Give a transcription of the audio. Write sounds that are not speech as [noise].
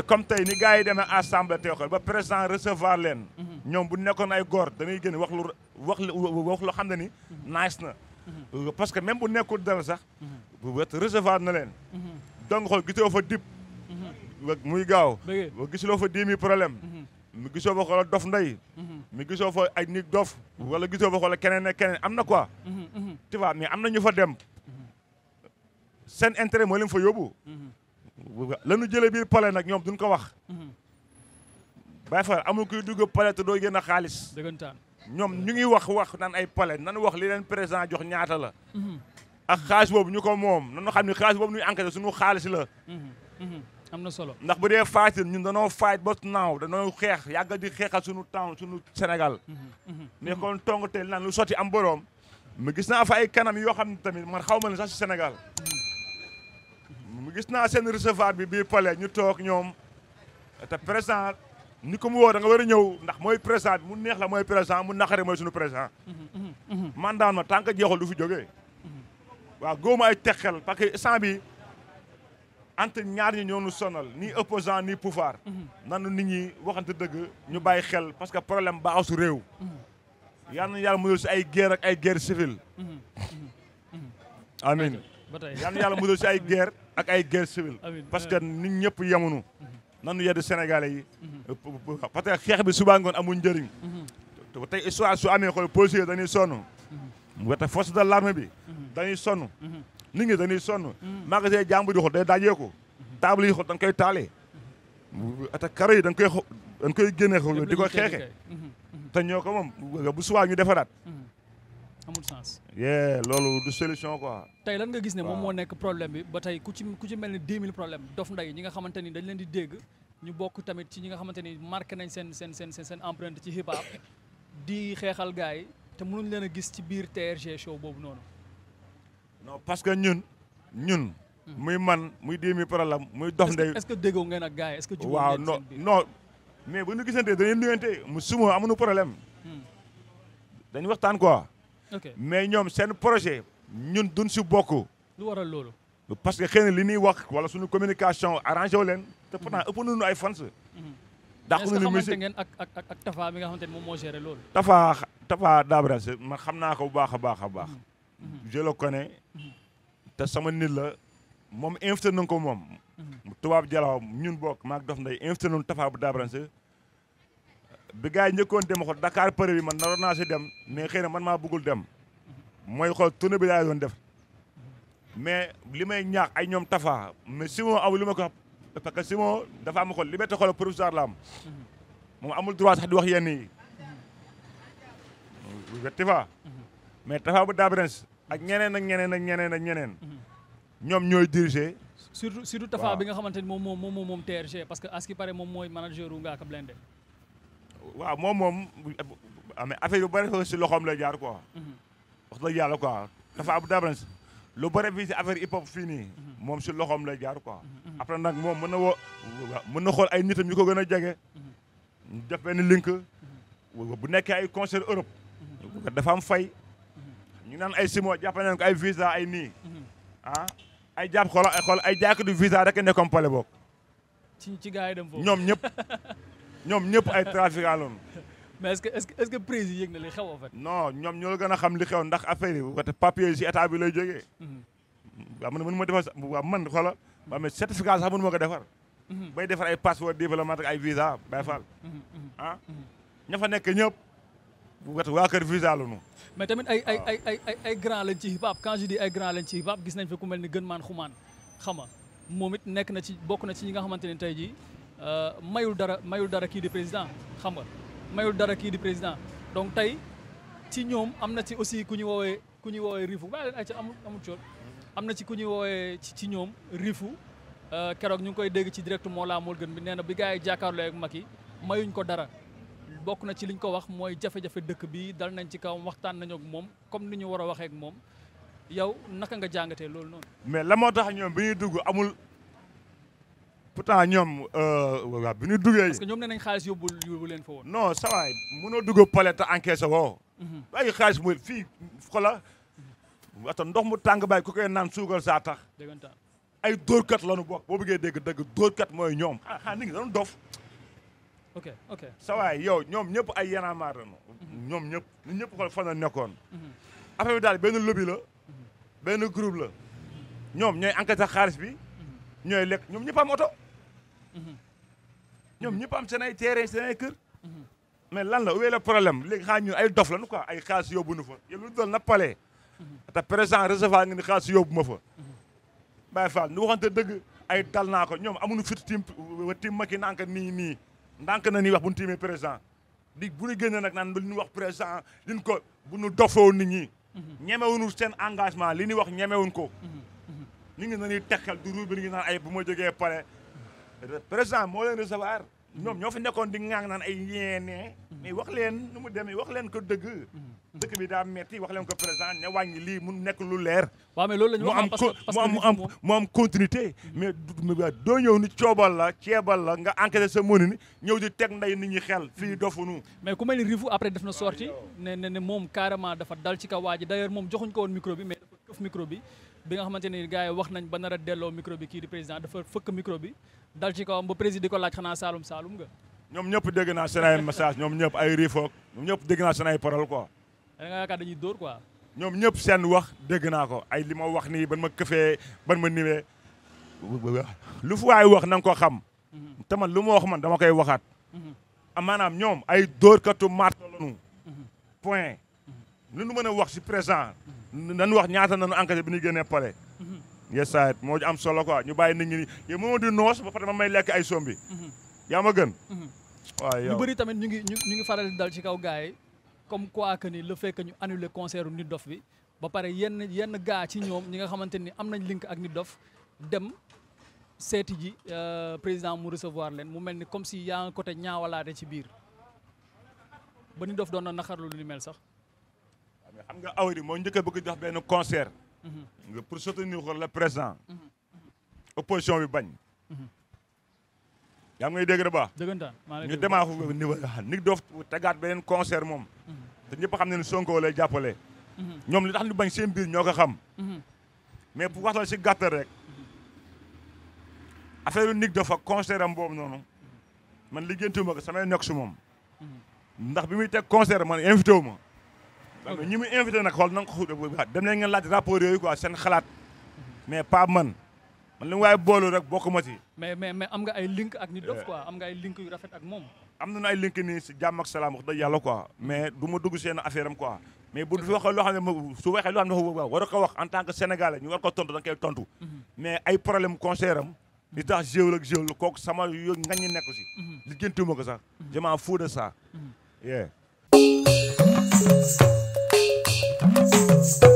mais comme tey ni gars yi demee assemblée tey xool ba président recevoir leen. Mhm. ñoom bu nekkoon ay góor dañuy génn wax lu wax wax loo xam ne ni. Mhm. nice na. Mhm. Euh, parce que même bu nekkul dara sax. bu wet recevoir na leen. donc xool gisoo fa dip. muy gaaw. gisuloo fa dix mille problème. mu gisoo fa xoola dof ndey. mu gisoo fa ay nit dof. wala gisoo fa xoola keneen ak keneen am na quoi. tu vois mais am na ñu fa dem. seen intérêt moo leen fa yóbbu. lanu jële biir palais nag ñoom duñ ko wax Baye Fall amul kuy dugg palais te doo génn xaalis dëggantaan ñoom ñu ngi wax wax nan ay palais nan wax li leen président jox ñaata la mhm. ak xaalis boobu ñu ko moom nanu xam ne xaalis boobu ñuy enquête suñu xaalis la mhm. Mhm. am na solo ndax bu dee faatin ñun danoo faayit ba naaw danoo xeex yàgga di xeexal sunu temps suñu Sénégal mais kon tong teel naan lu sotti am boroom mais gis naa fa ay kanam yoo xam ne tamit man xaw ma ne sax Sénégal gis naa seen recevoir bi bii palais ñu toog ñoom te président ni ko mu woo da nga war a ñëw ndax mooy président mu neex la mooy président mu naqare mooy suñu président man daan ma tant que jeexul du fi jógee waaw góoma ay xel parce que instant bi entre ñaar ñu ñoo nu sonal ni opposant ni pouvoir nanu nit ñi waxante dëgg ñu bàyyi xel parce que problème baaxul su réew yal na yàlla mënul si ay guerre ak ay guerre mm-hmm. Mm-hmm. Mm-hmm. amin ba tey yal na yàlla musal si ay guerre ak ay guerre civile parce que nit ñëpp yemunu mhm. nanu yeddu sénégalais yi mhm. parce que xeex bi suba ngoon amul njëriñ mhm. tey histoire su amee xool policier dañuy sonn wete force de l'armée bi dañuy sonn nit ñi dañuy sonn magasin jàmbur day daajeeku table yi xool dañ koy taalee ata karo yi dañ koy génne xool di ko xeexe te ñoo ko moom bu subaa ñu defaraat amul sens. yeah loolu du solution quoi. tey nga gis ne moom moo nekk problème bi ba tey ku ci ku ci mel ni 10 000 problème dof nday ñi nga xamante ni dañ leen di dégg ñu bokk tamit ci ñi nga xamante ni marqué nañ seen seen seen seen empreinte ci hip hop [laughs] di xeexal gars yi te mënuñ leen a gis ci biir TRG show boobu noonu. non parce que ñun ñun. Hmm. muy man muy 10 000 problème muy dof nday est-ce que déggoo ngeen ak gars est-ce que. jubóo ngeen waaw non non mais bu ñu gisantee dañuy nuyante mu suma amuñu problème. Hmm. mais ñoom seen projet ñun duñ si bokk. lu waral loolu. parce que xëy na li ñuy wax wala suñu communication arrangé wu leen. te mhm. pourtant ëpp nañu ay fans. Mhm. dàq nañu musique ngeen ak ak ak Tafa bi nga xamante ne moom moo géré loolu. Tafa Tafa Dabra ma xam naa ko bu baax a baax a baax. Mhm. je le connais. te sama nit la moom invité nañu ko moom. tubaab Jalaaw ñun bokk maa Dof Ndeye invité nañu Tafa bu Dabra bi gars yi njëkkoon dem ko Dakar përe bi man naroon naa dem mais xëy na man maa bëggul dem mooy xool tournée bi laa doon def mais li may ñaax ay ñoom Tafa mais Simon aw li ma ko parce que Simon dafa am xol liberté xol provisoire la am moom amul droit sax di wax yenn yi wetti fa mais Tafa bu Dabrins ak ñeneen ak ñeneen ak ñeneen ak ñeneen ñoom ñooy diriger surtout surtout Tafa bi nga xamante ni moom moom moom moom TRG parce moom mooy manager wu Ngaaka Blindé waaw moom moom amee affaire yu bëri si loxoom la jaar quoi. Mhm. wax dëgg yàlla quoi dafa am dabans lu bare fii si affaire hip hop fii nii. Mhm. moom si loxoom la jaar ko mhm, après nag moom mën na woo mën na xool ay nitam ñu ko gën a jege. def benn link. bu nekkee ay concert Europe. dafa am fay. ñu naan ay simo jàpp nañ ko ay visa ay nii. ah ay jàpp xool ay xool ay jàkk du visa rek nekkoon pale boog. ci yi dem foofu ñoom ñëpp. [laughs] ñoom ñëpp ay trafiquants la [laughs] mais est-ce que est-ce que président yëg na li xew en fait. non ñoom ñoo gën a xam li xew ndax affaire yi côté papier si état bi lay jógee. man mënuma defar waaw man xoola waaw mais certificat sax mënuma defar. Mhm. bay defar ay passeport diplomatique ak ay visa bay faal. Mhm, mhm, ah ña fa nekk ñëpp. bu ko waa kër visa la mais tamit ay ay grand lañ ci hip hop quand je ay grand lañ ci hip gis nañ fi ku mel ni gën maan xumaan xam nga moom it nekk na ci bokk na ci ñi nga xamante ne tey jii Euh, mayul dara mayul dara kii di président xam nga mayul dara kii di président donc tey ci ñoom am na ci aussi ku ñuy woowee ku ñu woowee riifu ba leen ay ca amul am na ci ku ñuy woowee ci ñoom riifu euh, keroog ñu ngi koy dégg ci direct mool gën bi nee na bi gars yi jàkkaarloo ak mag yi mayuñ ko dara bokk na ci liñ ko wax mooy jafe-jafe dëkk bi dal nañ ci kawam waxtaan nañu moom comme ni ñu war a waxee moom yow naka nga jàngatee loolu noonu. mais la moo tax ñoom bi ñuy dugg amul. pourtant ñoom euh, waaw bi ñu duggee. ñoom nee nañ xaalis yóbbu leen fa woon. non sa waay mënoo dugg palais te encaissé woo. Mhm. bàyyi xaalis mooy fii xola ata ndox mu tàng baay ku koy naan suugal saa tax. ay dóorkat la ñu bokk boo bëggee dégg dëgg dóorkat mooy ñoom. ah ah nit dof. ok sa yow ñoom ñëpp ay yanamaar lañu. Mhm. ñoom ñëpp ñun ñëpp xool fan la nekkoon. Mhm. affaire bi daal benn lobby la. benn groupe la. ñoom ñooy encaissé xaalis bi. ñooy lekk ñoom ñëpp am oto. Mhm. ñoom ñëpp am seen ay terrain kër. Mhm. mais lan la wéy la problème léegi xaar ñun ay dof la nu quoi ay xaalis yoobu nu fa yéen lu doon na palee. Mhm. te président recevoir nga ni xaalis yóbbu ma fa. Baye Fall nu waxante dëgg ay dal naa ko ñoom amuñu fit tim ki Macky ndànk nii nii ndànk na nii wax bu ñu tiimee président di bu ñu génne nag naan li ñu wax président liñ ko bu ñu dofoo ni ñi. ñemewuñu seen engagement li ñu wax ñemewuñ ko. ñu ngi nañuy tekkal du ruur bi ñu ngi naan ay bu ma jegee pare président moo leen recevoir ñoom ñoo fi nekkoon di ŋaang naan ay yéenee mais wax leen nu mu demee wax leen ko dëgg dëkk bi daa metti wax leen ko président ne wàññi lii mu nekk lu leer waaw mais loolu la ñu wax mu am mu am mu am continuité mais doo ñëw ni coobal la ceebal la nga enquêté sa mënu ni ñëw di teg nday ni ñi xel fii dofunu mais ku mel ni après def na sorti ne ne moom carrément dafa dal ci kaw waa ji d'ailleurs moom joxuñ ko woon micro bi mais of micro bi bi nga xamante ni gars yi wax nañ ba nar a delloo micro bi kii di président dafa fëkk micro bi dal ci kawam ba président ko laaj xanaa Saalum Saalum nga. ñoom ñëpp dégg naa seen ay message ñoom ñëpp dégg naa seen ay parole ko ay li ma wax nii ban ma këfee ban ma niwee lu fu waay wax na ko xam. Mhm. te man lu ma wax man dama koy waxaat. Mhm. Ah, maanaam ñoom ay dóorkatu marto lañu mhm. point. lu nu mën a wax si présent. nañu wax ñaata nañu encaissé bi ñu génnee palais. Mm-hmm. yes saay moo am solo quoi ñu bàyyi nit ñi yow moom ma may lekk ay bi mm-hmm. yaa ma gën. Mm-hmm. waaw yow ñu bëri tamit ñu ngi ñu ngi faral di dal ci kaw gars yi comme quoi que ni le fait ñu annulé concert u Nit Dof bi ba pare yenn yenn gars ci ñoom ñi nga xamante ni am nañ link ak Nit Dof dem seeti ji euh, président mu recevoir leen mu mel ni comme si yaa ngi côté ñaawalaate ci biir ba Nit Dof doon na naxarlu lu ni mel sax. xam nga awri moo njëkk a bëgg jox benn concert. nga pour soutenir ko le président. opposition bi bañ. yaa ngay dégg da baax. dëggantaan maa ñu demaa foofu niveau nit doof tegaat beneen concert moom. te ñëpp xam ne ne Sonko lay jàppale. ñoom li tax ñu bañ seen biir ñoo ko xam. mais bu waxtaan si gàttal rek. affaire nit dof ak concert am boobu noonu. man liggéeyantuma ko samay nekk su moom. ndax bi muy teg concert man invité wu ma. ñi muy invité nag xool a nga ko dem leen ngeen laaj rapport yooyu quoi seen xalaat mais pas man man li mu boolu rek bokk ma ci. mais mais mais am nga ay link ak ñu dof euh. quoi am nga ay link yu rafet ak moom. am nañu ay link nii si jàmm ak salaam wax dëgg yàlla quoi mais du ma dugg seen affaire am quoi. mais bu du waxee loo xam ne su xam ne war a ko wax en tant que sénégalais ñu war ko tontu da nga koy tontu. Mhm. mais ay problème concert am. li tax géol ak géol kooku sama yo nga ñu nekk si. Mhm. liggéeyantuma ko sax. Mhm. je m'en fous de ça. Thank you.